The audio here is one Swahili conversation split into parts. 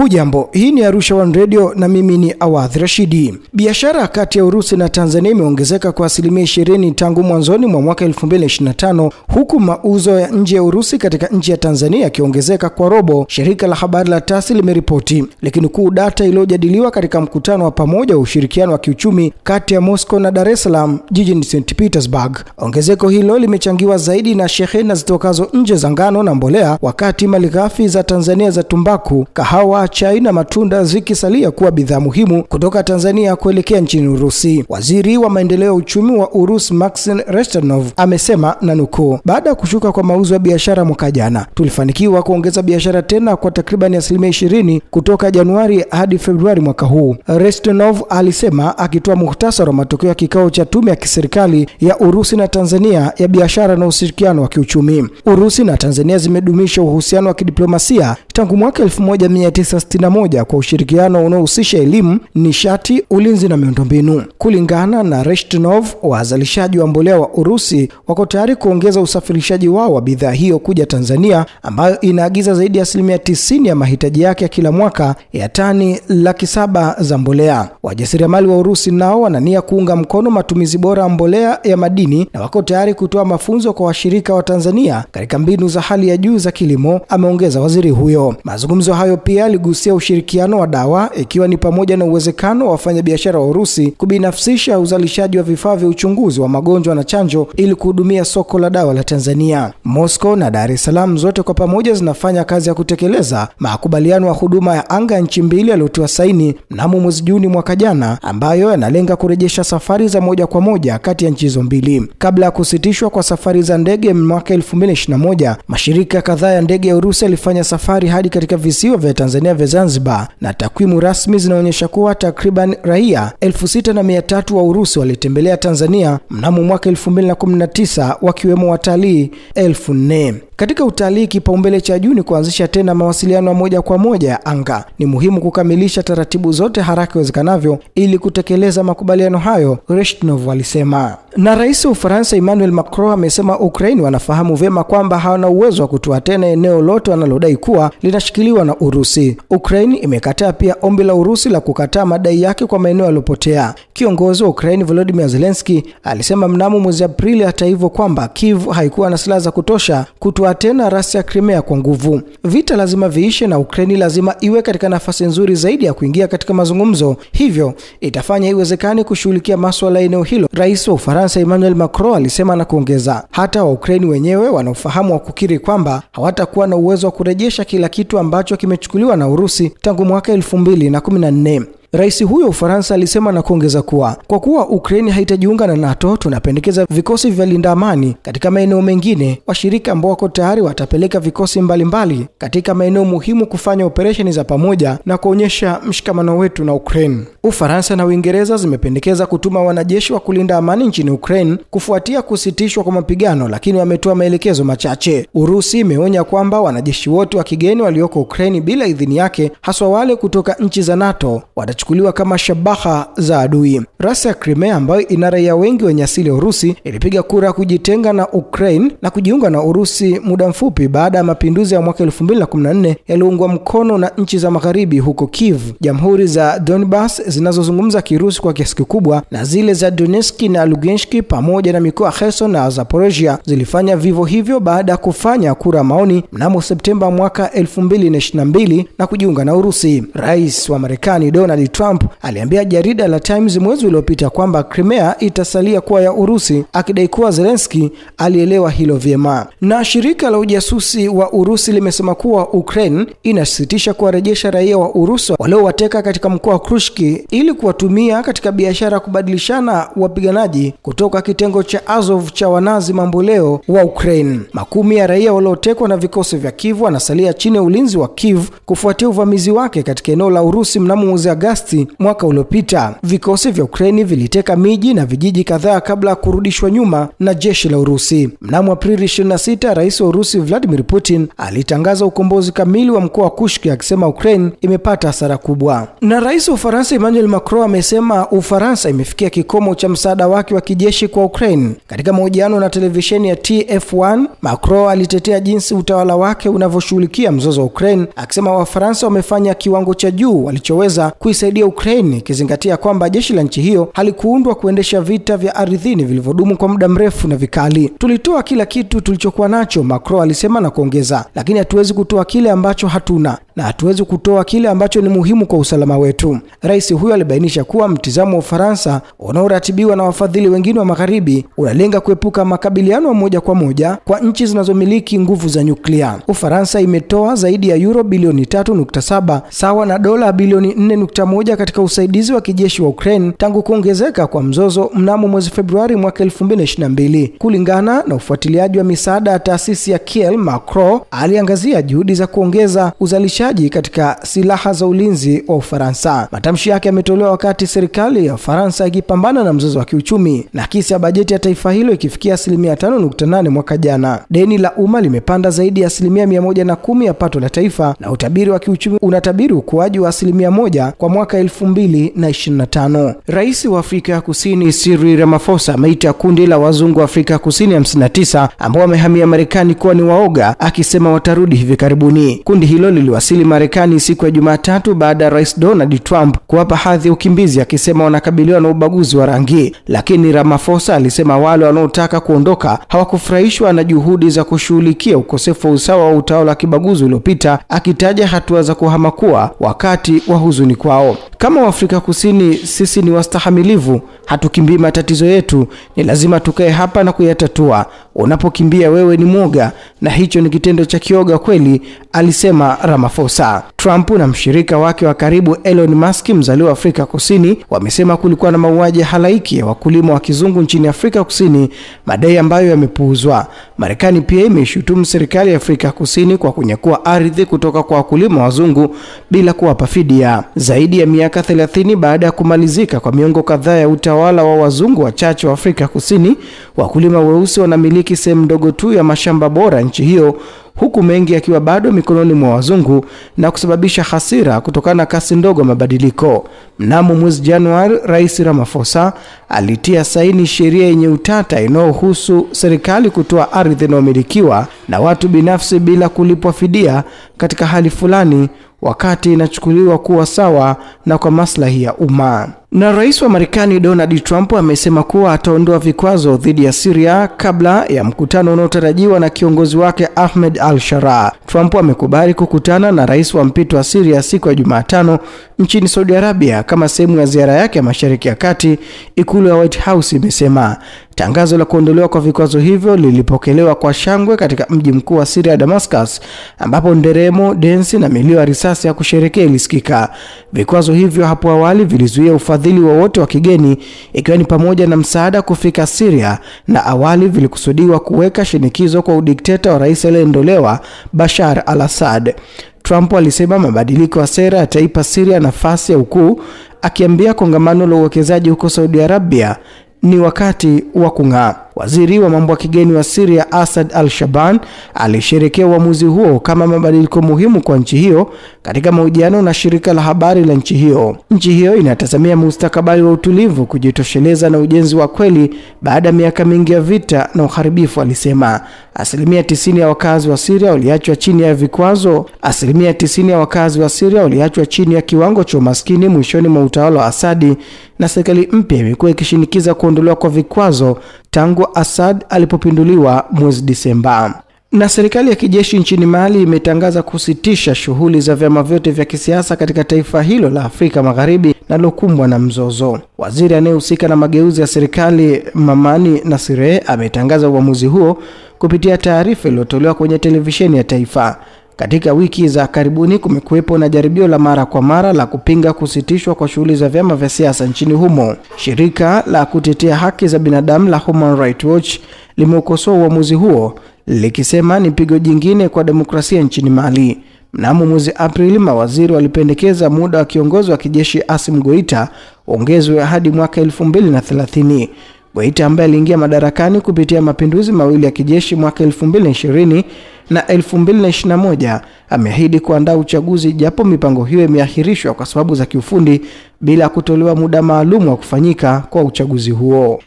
Hujambo, hii ni Arusha One Radio na mimi ni Awadh Rashidi. Biashara kati ya Urusi na Tanzania imeongezeka kwa asilimia 20 tangu mwanzoni mwa mwaka 2025 huku mauzo ya nje ya Urusi katika nchi ya Tanzania yakiongezeka kwa robo, shirika la habari la Tasi limeripoti lakini kuu data iliyojadiliwa katika mkutano wa pamoja wa ushirikiano wa kiuchumi kati ya Moscow na Dar es Salaam jijini St Petersburg. Ongezeko hilo limechangiwa zaidi na shehena zitokazo nje za ngano na mbolea, wakati malighafi za Tanzania za tumbaku, kahawa chai na matunda zikisalia kuwa bidhaa muhimu kutoka Tanzania kuelekea nchini Urusi. Waziri wa maendeleo ya uchumi wa Urusi Maxim Restanov amesema na nukuu, baada ya kushuka kwa mauzo ya biashara mwaka jana, tulifanikiwa kuongeza biashara tena kwa takribani asilimia ishirini kutoka Januari hadi Februari mwaka huu, Restanov alisema akitoa muhtasari wa matokeo ya kikao cha tume ya kiserikali ya Urusi na Tanzania ya biashara na ushirikiano wa kiuchumi. Urusi na Tanzania zimedumisha uhusiano wa kidiplomasia tangu mwaka 19 961 kwa ushirikiano unaohusisha elimu, nishati, ulinzi na miundombinu. Kulingana na Reshtinov, wazalishaji wa mbolea wa Urusi wako tayari kuongeza usafirishaji wao wa bidhaa hiyo kuja Tanzania ambayo inaagiza zaidi ya asilimia 90 ya mahitaji yake ya kila mwaka ya tani laki saba za mbolea. Wajasiriamali wa Urusi nao wanania kuunga mkono matumizi bora ya mbolea ya madini na wako tayari kutoa mafunzo kwa washirika wa Tanzania katika mbinu za hali ya juu za kilimo, ameongeza waziri huyo. Mazungumzo hayo pia aligusia ushirikiano wa dawa ikiwa ni pamoja na uwezekano wa wafanyabiashara wa Urusi kubinafsisha uzalishaji wa vifaa vya uchunguzi wa magonjwa na chanjo ili kuhudumia soko la dawa la Tanzania. Moscow na Dar es Salaam zote kwa pamoja zinafanya kazi ya kutekeleza makubaliano ya huduma ya anga ya nchi mbili yaliyotiwa saini mnamo mwezi Juni mwaka jana, ambayo yanalenga kurejesha safari za moja kwa moja kati ya nchi hizo mbili. Kabla ya kusitishwa kwa safari za ndege mwaka 2021, mashirika kadhaa ya ndege ya Urusi yalifanya safari hadi katika visiwa vya Tanzania Tanzania vya Zanzibar na takwimu rasmi zinaonyesha kuwa takriban raia 6300 wa Urusi walitembelea Tanzania mnamo mwaka 2019 wakiwemo watalii 4000. Katika utalii, kipaumbele cha juu ni kuanzisha tena mawasiliano ya moja kwa moja ya anga. Ni muhimu kukamilisha taratibu zote haraka iwezekanavyo ili kutekeleza makubaliano hayo, Reshtnov alisema. Na rais wa Ufaransa Emmanuel Macron amesema Ukraini wanafahamu vyema kwamba hawana uwezo wa kutoa tena eneo lote wanalodai kuwa linashikiliwa na Urusi. Ukraine imekataa pia ombi la Urusi la kukataa madai yake kwa maeneo yaliyopotea. Kiongozi wa Ukraine Volodymyr Zelensky alisema mnamo mwezi Aprili, hata hivyo, kwamba Kiev haikuwa na silaha za kutosha kutoa tena rasi ya Crimea kwa nguvu. Vita lazima viishe na Ukraine lazima iwe katika nafasi nzuri zaidi ya kuingia katika mazungumzo, hivyo itafanya iwezekane kushughulikia masuala ya eneo hilo, rais wa Ufaransa Emmanuel Macron alisema na kuongeza, hata wa Ukraine wenyewe wana ufahamu wa kukiri kwamba hawatakuwa na uwezo wa kurejesha kila kitu ambacho kimechukuliwa na na Urusi tangu mwaka 2014. Rais huyo Ufaransa alisema na kuongeza kuwa kwa kuwa Ukraini haitajiunga na NATO, tunapendekeza vikosi vya linda amani katika maeneo mengine. Washirika ambao wako tayari watapeleka vikosi mbalimbali mbali katika maeneo muhimu kufanya operesheni za pamoja na kuonyesha mshikamano wetu na Ukraine. Ufaransa na Uingereza zimependekeza kutuma wanajeshi wa kulinda amani nchini Ukraine kufuatia kusitishwa kwa mapigano, lakini wametoa maelekezo machache. Urusi imeonya kwamba wanajeshi wote wa kigeni walioko Ukraine bila idhini yake, haswa wale kutoka nchi za NATO, watachukua kuchukuliwa kama shabaha za adui. Rasi ya Crimea ambayo ina raia wengi wenye asili ya Urusi ilipiga kura ya kujitenga na Ukraine na kujiunga na Urusi muda mfupi baada ya mapinduzi ya mwaka 2014 yaliungwa mkono na nchi za magharibi huko Kiev. Jamhuri za Donbas zinazozungumza Kirusi kwa kiasi kikubwa na zile za Donetsk na Lugansk pamoja na mikoa Kherson na Zaporozhia zilifanya vivyo hivyo baada ya kufanya kura maoni mnamo Septemba mwaka 2022 na kujiunga na Urusi. Rais wa Marekani Donald Trump aliambia jarida la Times mwezi uliopita kwamba Crimea itasalia kuwa ya Urusi, akidai kuwa Zelensky alielewa hilo vyema. Na shirika la ujasusi wa Urusi limesema kuwa Ukraine inasitisha kuwarejesha raia wa Urusi waliowateka katika mkoa wa Krushki ili kuwatumia katika biashara ya kubadilishana wapiganaji kutoka kitengo cha Azov cha wanazi mamboleo wa Ukraine. Makumi ya raia waliotekwa na vikosi vya Kiev wanasalia chini ya ulinzi wa Kiev kufuatia uvamizi wake katika eneo la Urusi mnamo mwezi Agosti Agosti mwaka uliopita. Vikosi vya Ukraini viliteka miji na vijiji kadhaa kabla ya kurudishwa nyuma na jeshi la Urusi. Mnamo Aprili 26, rais wa Urusi Vladimir Putin alitangaza ukombozi kamili wa mkoa wa Kushki akisema Ukraine imepata hasara kubwa. Na rais wa Ufaransa Emmanuel Macron amesema Ufaransa imefikia kikomo cha msaada wake wa kijeshi kwa Ukraine. Katika mahojiano na televisheni ya TF1, Macron alitetea jinsi utawala wake unavyoshughulikia mzozo wa Ukraine akisema Wafaransa wamefanya kiwango cha juu walichoweza kuisa kuisaidia Ukraine ikizingatia kwamba jeshi la nchi hiyo halikuundwa kuendesha vita vya ardhini vilivyodumu kwa muda mrefu na vikali. Tulitoa kila kitu tulichokuwa nacho, Macron alisema na kuongeza, lakini hatuwezi kutoa kile ambacho hatuna na hatuwezi kutoa kile ambacho ni muhimu kwa usalama wetu. Rais huyo alibainisha kuwa mtizamo wa Ufaransa unaoratibiwa na wafadhili wengine wa Magharibi unalenga kuepuka makabiliano moja kwa moja kwa nchi zinazomiliki nguvu za nyuklia. Ufaransa imetoa zaidi ya euro bilioni 3.7 sawa na dola bilioni 4.1 katika usaidizi wa kijeshi wa Ukraine tangu kuongezeka kwa mzozo mnamo mwezi Februari mwaka 2022. Kulingana na ufuatiliaji wa misaada ya taasisi ya Kiel, Macron aliangazia juhudi za kuongeza uzalishaji usafirishaji katika silaha za ulinzi wa Ufaransa. Matamshi yake yametolewa wakati serikali ya Ufaransa ikipambana na mzozo wa kiuchumi na kisi ya bajeti ya taifa hilo ikifikia asilimia 5.8 mwaka jana. Deni la umma limepanda zaidi ya asilimia 110 ya pato la taifa na utabiri wa kiuchumi unatabiri ukuaji wa asilimia moja kwa mwaka 2025. Rais wa Afrika ya Kusini Cyril Ramaphosa ameita kundi la wazungu wa Afrika Kusini 59 ambao wamehamia Marekani kuwa ni waoga, akisema watarudi hivi karibuni. Kundi hilo liliwasili aliwasili Marekani siku ya Jumatatu baada ya Rais Donald Trump kuwapa hadhi ya ukimbizi akisema wanakabiliwa na ubaguzi wa rangi, lakini Ramaphosa alisema wale wanaotaka kuondoka hawakufurahishwa na juhudi za kushughulikia ukosefu wa usawa wa utawala wa kibaguzi uliopita, akitaja hatua za kuhama kuwa wakati wa huzuni kwao. Kama Waafrika Kusini, sisi ni wastahamilivu, hatukimbii matatizo yetu, ni lazima tukae hapa na kuyatatua. Unapokimbia wewe ni mwoga, na hicho ni kitendo cha kioga kweli, alisema Ramaphosa fursa. Trump na mshirika wake wa karibu Elon Musk, mzaliwa wa Afrika Kusini, wamesema kulikuwa na mauaji halaiki ya wakulima wa kizungu nchini Afrika Kusini, madai ambayo yamepuuzwa. Marekani pia imeishutumu serikali ya Afrika Kusini kwa kunyakua ardhi kutoka kwa wakulima wazungu bila kuwapa fidia. Zaidi ya miaka 30 baada ya kumalizika kwa miongo kadhaa ya utawala wa wazungu wachache wa Afrika Kusini, wakulima weusi wanamiliki sehemu ndogo tu ya mashamba bora nchi hiyo huku mengi yakiwa bado mikononi mwa wazungu na kusababisha hasira kutokana na kasi ndogo ya mabadiliko. Mnamo mwezi Januari, Rais Ramaphosa alitia saini sheria yenye utata inayohusu serikali kutoa ardhi inayomilikiwa na watu binafsi bila kulipwa fidia katika hali fulani, wakati inachukuliwa kuwa sawa na kwa maslahi ya umma. Na rais wa Marekani Donald Trump amesema kuwa ataondoa vikwazo dhidi ya Syria kabla ya mkutano unaotarajiwa na kiongozi wake Ahmed al-Sharaa. Trump amekubali kukutana na rais wa mpito wa Syria siku ya Jumatano nchini Saudi Arabia kama sehemu ya ziara yake ya Mashariki ya Kati, ikulu ya White House imesema. Tangazo la kuondolewa kwa vikwazo hivyo lilipokelewa kwa shangwe katika mji mkuu wa Syria Damascus, ambapo nderemo, densi na milio ya risasi ya kusherekea ilisikika. Vikwazo hivyo hapo awali vilizuia ufadhili ufadhili wowote wa, wa kigeni ikiwa ni pamoja na msaada kufika Syria na awali vilikusudiwa kuweka shinikizo kwa udikteta wa rais aliyeondolewa Bashar al-Assad. Trump alisema mabadiliko ya sera yataipa Syria nafasi ya ukuu, akiambia kongamano la uwekezaji huko Saudi Arabia ni wakati wa kung'aa. Waziri wa mambo ya kigeni wa Syria Asad al-Shaban alisherekea uamuzi huo kama mabadiliko muhimu kwa nchi hiyo katika mahojiano na shirika la habari la nchi hiyo. Nchi hiyo inatazamia mustakabali wa utulivu, kujitosheleza na ujenzi wa kweli baada ya miaka mingi ya vita na uharibifu, alisema. Asilimia tisini ya wakazi wa Syria waliachwa chini ya vikwazo. Asilimia tisini ya wakazi wa Syria waliachwa chini ya kiwango cha umaskini mwishoni mwa utawala wa Asadi, na serikali mpya imekuwa ikishinikiza kuondolewa kwa vikwazo tangu Assad alipopinduliwa mwezi Disemba. Na serikali ya kijeshi nchini Mali imetangaza kusitisha shughuli za vyama vyote vya kisiasa katika taifa hilo la Afrika Magharibi linalokumbwa na mzozo. Waziri anayehusika na mageuzi ya serikali Mamani Nasire ametangaza uamuzi huo kupitia taarifa iliyotolewa kwenye televisheni ya taifa. Katika wiki za karibuni kumekuwepo na jaribio la mara kwa mara la kupinga kusitishwa kwa shughuli za vyama vya siasa nchini humo. Shirika la kutetea haki za binadamu la Human Rights Watch limeukosoa uamuzi huo likisema ni pigo jingine kwa demokrasia nchini Mali. Mnamo mwezi Aprili, mawaziri walipendekeza muda wa kiongozi wa kijeshi Asim Goita ongezwe hadi mwaka 2030. Goita ambaye aliingia madarakani kupitia mapinduzi mawili ya kijeshi mwaka 2020 na 2021 ameahidi kuandaa uchaguzi, japo mipango hiyo imeahirishwa kwa sababu za kiufundi bila kutolewa muda maalum wa kufanyika kwa uchaguzi huo.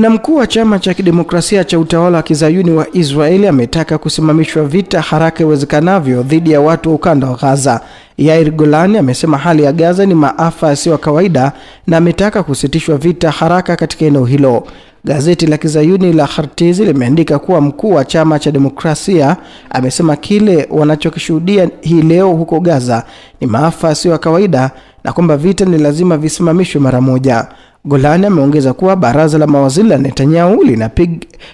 Na mkuu wa chama cha kidemokrasia cha utawala wa kizayuni wa Israeli ametaka kusimamishwa vita haraka iwezekanavyo dhidi ya watu wa ukanda wa Gaza. Yair golan amesema hali ya Gaza ni maafa yasiyo ya kawaida na ametaka kusitishwa vita haraka katika eneo hilo. Gazeti la kizayuni la Hartiz limeandika kuwa mkuu wa chama cha demokrasia amesema kile wanachokishuhudia hii leo huko Gaza ni maafa yasiyo ya kawaida na kwamba vita ni lazima visimamishwe mara moja. Golani ameongeza kuwa baraza la mawaziri la Netanyahu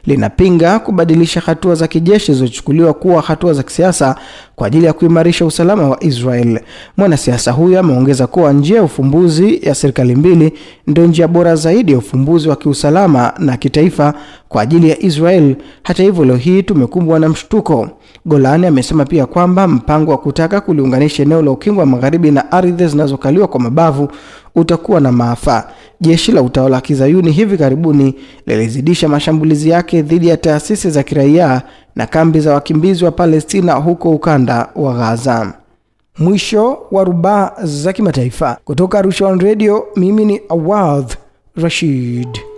linapinga kubadilisha hatua za kijeshi zilizochukuliwa kuwa hatua za kisiasa kwa ajili ya kuimarisha usalama wa Israel. Mwanasiasa huyo ameongeza kuwa njia ya ufumbuzi ya serikali mbili ndio njia bora zaidi ya ufumbuzi wa kiusalama na kitaifa kwa ajili ya Israel. Hata hivyo, leo hii tumekumbwa na mshtuko. Golani amesema pia kwamba mpango wa kutaka kuliunganisha eneo la ukingo wa magharibi na ardhi zinazokaliwa kwa mabavu utakuwa na maafa. Jeshi la utawala wa kizayuni hivi karibuni lilizidisha mashambulizi yake dhidi ya taasisi za kiraia na kambi za wakimbizi wa Palestina huko ukanda wa Gaza. Mwisho wa rubaa za kimataifa kutoka Arusha One Radio, mimi ni Awadh Rashid.